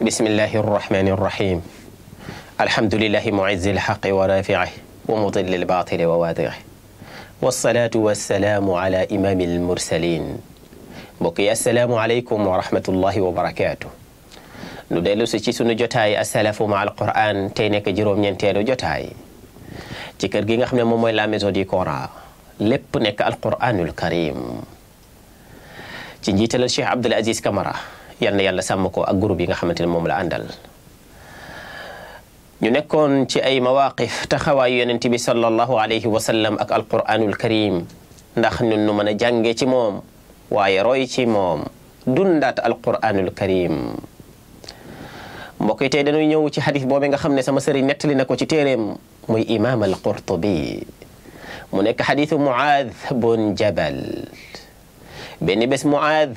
بسم الله الرحمن الرحيم الحمد لله معز الحق ورافعه ومضل الباطل وواضعه والصلاة والسلام على إمام المرسلين بقي السلام عليكم ورحمة الله وبركاته ندلو سيشي سنو جوتاي السلف مع القرآن تينك جروم ينتيلو جوتاي تكر جينا خمنا مموي لامزو دي كورا لبنك القرآن الكريم تنجيتل الشيخ عبد العزيز كمرا yal na yàlla sàmm ko ak groupe yi nga xamante ne moom la àndal ñu nekkoon ci ay mawaqif taxawaayu yonent bi sallallahu alayhi wa sallam ak alquranul karim ndax ñun nu mën a jànge ci moom waaye roy ci moom dundaat alquranul karim mbokk yi tey dañuy ñëw ci xadis boobu nga xam ne sama sëriñ nettali na ko ci téeréem muy imaam alqurtubi mu nekk xadisu muaad bun jabal benn bés muaad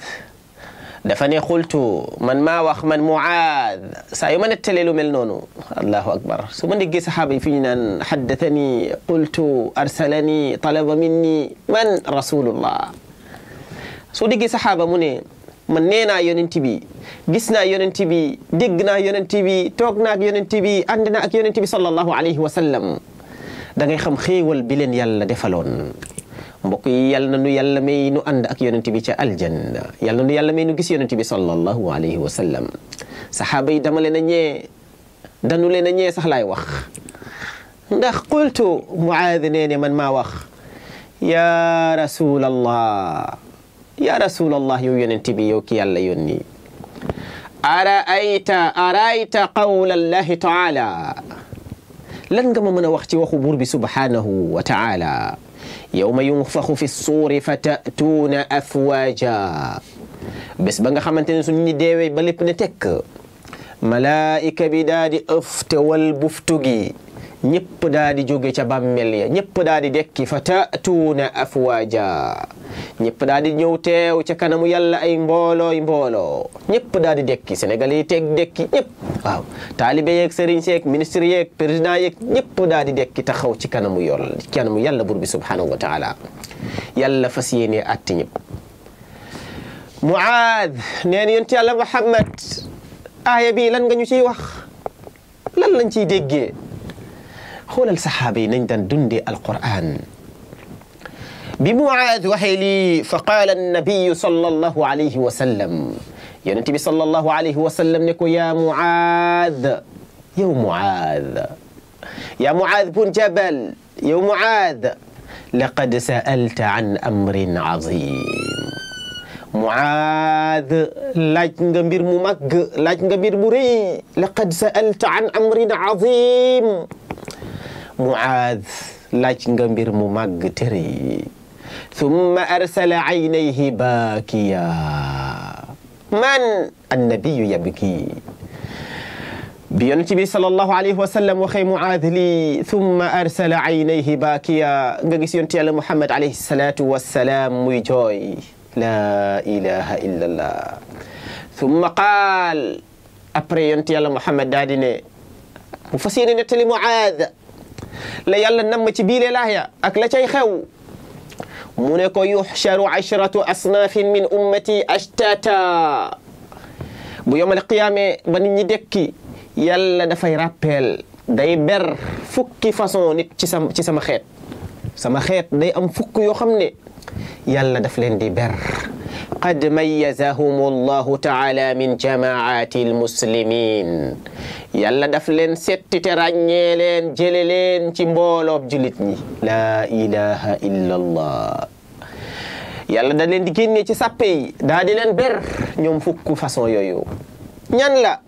dafa ne xultu man maa wax man muaad saa yu ma nettalee lu mel noonu allahu akbar su ma déggee saxaaba yi fi ñu naan xaddatani qultu arsalani talaba minni man rasulullah su déggee saxaaba mu ne man nee naa yonent bi gis naa yonent bi dégg naa yonent bi toog naa ak yonent bi ànd naa ak yonent bi sallallahu alayhi wa sallam da ngay xam xéewal bi leen yàlla defaloon mbokk yi yal na nu yàlla may nu ànd ak yonent bi ca aljanna yal na nu yàlla may nu gis yonent bi sallallahu alayhi wa sallam saxaaba yi dama leen a danu leen a ñee sax laay wax ndax qultu muaad nee man maa wax yaa rasulallah yaa rasulallah yow yonent bi yow ki yàlla yónni araayta araayta qawla allahi taala lan nga ma mën a wax ci waxu buur bi subhaanahu wa taala yawma yunfaxu fi suuri fa tatuuna afwaaja bés ba nga xamante ne suñ ñi deewee ba lépp ne tekk malaayika bi daal di ëf te wal buftu gi ñëpp daal di jóge ca bàmmeel ya ñëpp daal di dekki fa taatuuna afwaaja ñëpp daal di ñëw teew ca kanamu yàlla ay mboolooy mbooloo ñëpp daal di dekki senegal yi teg dekki ñëpp waaw taalibe yeeg sëriñ seeg ministre yeeg président yeeg ñëpp daal di dekki taxaw ci kanamu yool kanamu yàlla bur bi subhaanahu wa taala yàlla fas yéenee atti ñëpp Muaad nee na yonent Muhammad aaya bi lan nga ñu ciy wax lan lañ ciy déggee خول sahabai نندن دندي القرآن بمعاذ وهيلي فقال النبي صلى الله عليه وسلم يا يعني صلى الله عليه وسلم نكو يا معاذ يا معاذ يا معاذ بن جبل يا معاذ لقد سألت عن أمر عظيم معاذ لاج nga mbir mu mag مري لقد سألت عن أمر عظيم muaad laaj nga mbir mu màgg tëri summa arsala aynayhi baakiya man annabiyu yabki bi yonent bi sallallahu alayhi wa sallam waxee muaad lii summa arsala aynayhi baakiya nga gis yonent yàlla muhammad alayhi salaatu wassalaam muy jooy laa ilaha illa allah summa qaal après yonent yàlla muhammad daa di ne mu fas yéene nettali muaad la yàlla nam ci biile laaya ak la cay xew mu ne ko yuxcharu ashratu asnaafin min ummati ashtata bu yomal qiyaame ba nit ñi dekki yàlla dafay rappel day ber fukki façon nit ci sama ci sama xeet sama xeet day am fukk yoo xam ne yàlla daf leen di ber qad mayyazahum allahu taala min jamaati almuslimin yàlla daf leen setti te ràññee leen jële leen ci mbooloob julit ñi laa ilaha illa allah da leen di génne ci sàppe yi di leen ber ñoom fukk façon yooyu ñan la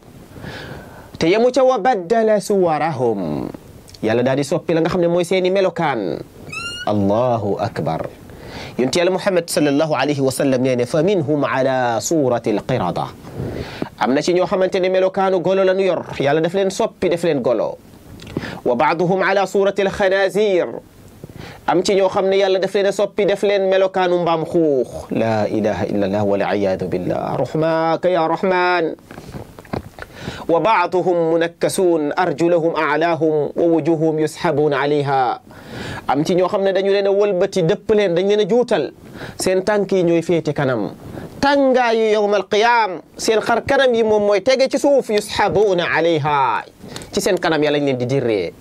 te yemu ca wa baddala suwarahum yàlla daa di soppi la nga xam ne mooy seeni melokaan allahu akbar yonent yàlla muhammad sallallahu alayhi wa sallam nee ne fa minhum ala surati alqirada amna ci ñoo xamanteni ne melokaanu golo lañu yor yàlla daf leen soppi daf leen golo wa ba'dhum ala surati al-khanazir am ci ñoo xamne yàlla daf leen soppi daf leen melokaanu mbam xuux la ilaha illa allah wal iyaadu billah rahmaka ya rahman wa ba'dhum munakkasun arjuluhum a'lahum wa wujuhum yushabun alayha am ci ñoo xamne dañu leen a dëpp leen dañ leen a sen tanki ñoy fete kanam tàngaayu yowmal qiyaam seen xar kanam yi moom mooy tege ci suuf yusxabuuna alayha ci seen kanam ya lañ leen di diree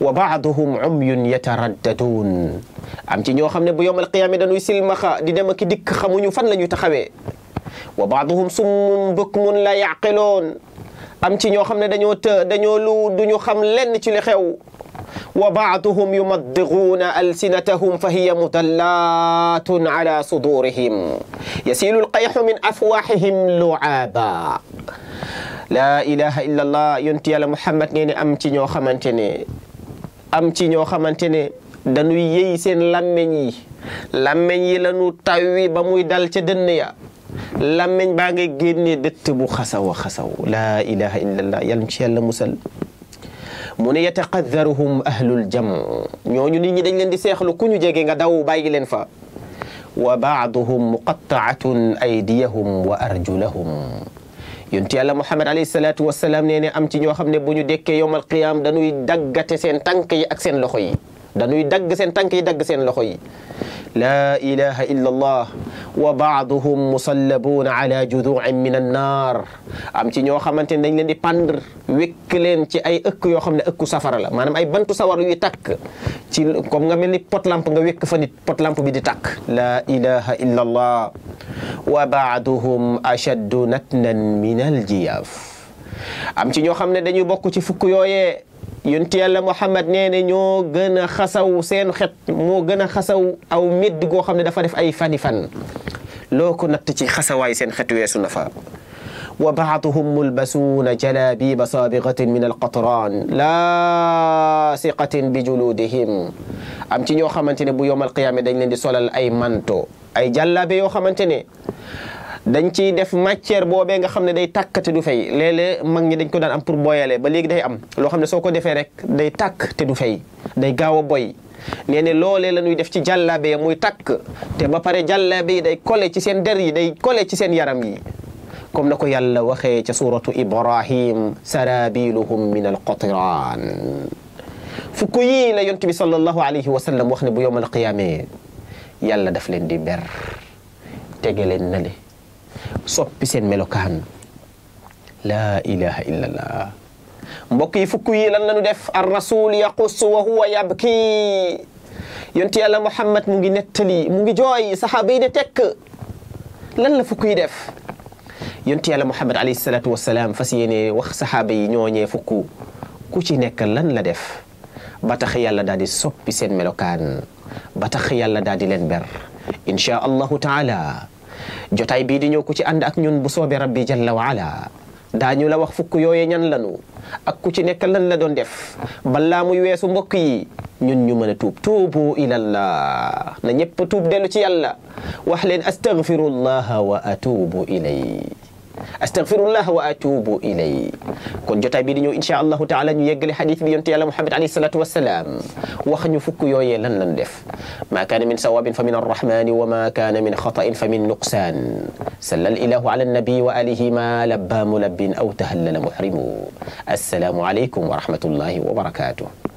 wa baaduhum umyun yataraddaduun am ci ñoo xam ne bu yowmal qiyaam dañuy silmaxa di dem ak dikk xamuñu fan la ñuy taxawee wa baaduhum summun bukmun la yaqiloon am ci ñoo xam ne dañoo të dañoo lu ñu xam lenn ci li وبعضهم يمضغون ألسنتهم فهي مدلات على صدورهم يسيل القيح من أفواحهم لعابا لا إله إلا الله ينتي على محمد نيني أمتي نيو خمانتيني أمتي نيو خمانتيني دانو يي سين لامني لامني تاوي بموي دال دنيا لمن باغي جيني دتبو بو خساو خساو لا اله الا الله يلنتي يالا مسلم mu ne yataqaddaruhum ahlul jam ñooñu nit ñi dañ leen di seexlu ku ñu jege nga daw bàyyi leen fa wa baaduhum muqattaatun aydiyahum wa arjulahum yonti yàlla muhammad alayhi salaat wasalaam nee ne am ci ñoo xam ne bu ñu dekkee yowmal qiyaam dañuy daggate seen tànk yi ak seen loxo yi dañuy dagg seen tànk yi dagg seen loxo yi laa ilaha illa wa baaduhum musallabuuna ala juduin min annaar am ci ñoo xamante ne dañ leen di pendre wékk leen ci ay ëkk yoo xam ne ëkku safara la maanaam ay bantu sawar yuy tàkk ci comme nga mel ni pot lamp nga wékk fa nit pot lamp bi di tàkk laa ilaha illa allah wa baaduhum ashaddu natnan min aljiyaaf am ci ñoo xam ne dañu bokk ci fukk yooyee yonti yàlla Muhammad nee na ñoo gën a xasaw seen xet moo gën a xasaw aw médd goo xam ne dafa def ay fani fan loo ko natt ci xasawaay seen xet weesu na fa wa baaduhum mulbasuuna jalabiba sabiqatin min alqatran laasiqatin bi juludihim am ci ñoo xamante ne bu yowmal qiyaama dañ leen di solal ay manto ay jàllaabe yoo xamante ne dañ ciy def matière boobee nga xam ne day tàkk te du fay léeg-léeg mag ñi dañ ko daan am pour boyale ba léegi day am loo xam ne soo ko defee rek day tàkk te du fay day gaaw a boy nee ne loolee la ñuy def ci jàllaabe yi muy tàkk te ba pare jàllaabe yi day kole ci seen der yi day kole ci seen yaram yi comme na ko yàlla waxee ca suratu ibrahim sarabiluhum min alqatiran fukk yii la yontu bi sallallahu alayhi wa sallam wax ne bu yowmal qiyaamee yàlla def leen di ber tege leen nale soppi seen melokaan laa ilaha illallah mbokk yi fukk yi lan la ñu def ar rasul yaqus wa huwa yabki yonti yàlla Muhammad mu ngi nettali mu ngi jooy saxaaba yi de tekk lan la fukk yi def yonti yàlla Muhammad alayhi salaatu wa salaam fas yéene wax saxaaba yi ñooñee fukk ku ci nekk lan la def batax tax yàlla daal soppi seen melokaan ba tax yàlla daal leen ber incha allahu taala jotaay bii di ñëw ku ci ànd ak ñun bu soobee rabbi jalla wa ala daañu la wax fukk yooye ñan lanu ak ku ci nekk lan la doon def balaa muy weesu mbokk yi ñun ñu mën a tuub tuubu ilallah na ñëpp tuub dellu ci yàlla wax leen astaghfirullah wa atubu ilay استغفر الله واتوب اليه كون جوتاي بي ان شاء الله تعالى ني يغلي حديث بي يونتي محمد عليه الصلاه والسلام واخ فك يوي لان لان ديف ما كان من ثواب فمن الرحمن وما كان من خطا فمن نقصان سلل الاله على النبي واله ما لبى ملب او تهلل محرم السلام عليكم ورحمه الله وبركاته